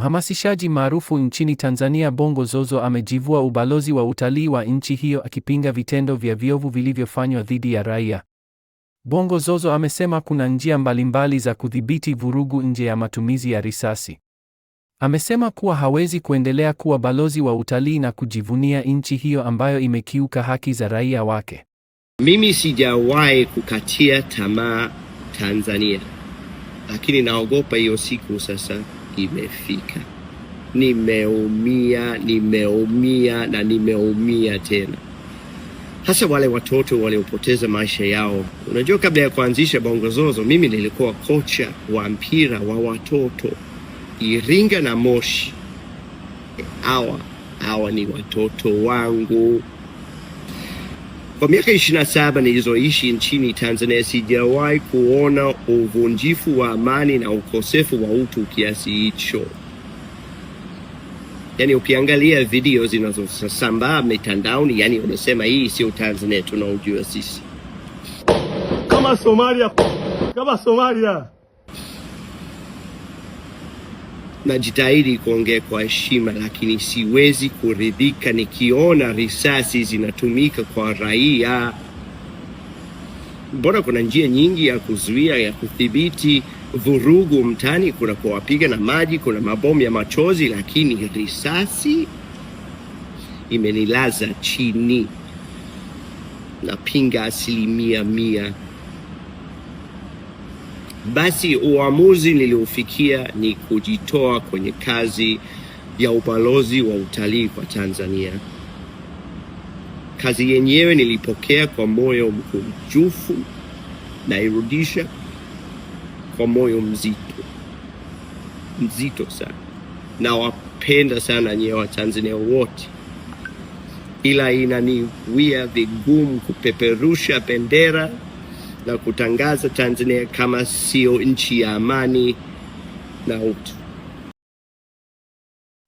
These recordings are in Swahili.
Mhamasishaji maarufu nchini Tanzania Bongo Zozo amejivua ubalozi wa utalii wa nchi hiyo akipinga vitendo vya viovu vilivyofanywa dhidi ya raia. Bongo Zozo amesema kuna njia mbalimbali za kudhibiti vurugu nje ya matumizi ya risasi. Amesema kuwa hawezi kuendelea kuwa balozi wa utalii na kujivunia nchi hiyo ambayo imekiuka haki za raia wake. Mimi sijawahi kukatia tamaa Tanzania, lakini naogopa hiyo siku sasa imefika. Nimeumia, nimeumia na nimeumia tena, hasa wale watoto waliopoteza maisha yao. Unajua, kabla ya kuanzisha Bongozozo mimi nilikuwa kocha wa mpira wa watoto Iringa na Moshi. Hawa hawa ni watoto wangu. Kwa miaka 27 nilizoishi nchini Tanzania sijawahi kuona uvunjifu wa amani na ukosefu wa utu kiasi hicho. Yaani, ukiangalia video zinazosambaa mitandaoni, yani unasema hii sio Tanzania tunaojua sisi kama Somalia, kama Somalia. najitahidi kuongea kwa heshima, lakini siwezi kuridhika nikiona risasi zinatumika kwa raia. Mbona kuna njia nyingi ya kuzuia, ya kudhibiti vurugu mtani Kuna kuwapiga na maji, kuna mabomu ya machozi, lakini risasi imenilaza chini. Napinga asilimia mia. Basi uamuzi niliofikia ni kujitoa kwenye kazi ya ubalozi wa utalii kwa Tanzania. Kazi yenyewe nilipokea kwa moyo mkunjufu, nairudisha kwa moyo mzito mzito sana. Nawapenda sana nyewe Watanzania wote, ila inaniwia vigumu kupeperusha bendera la kutangaza Tanzania kama sio nchi ya amani na utu.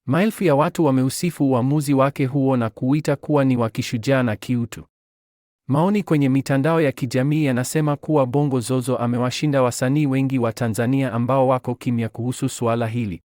Maelfu ya watu wameusifu uamuzi wake huo na kuita kuwa ni wa kishujaa na kiutu. Maoni kwenye mitandao ya kijamii yanasema kuwa Bongo Zozo amewashinda wasanii wengi wa Tanzania ambao wako kimya kuhusu suala hili.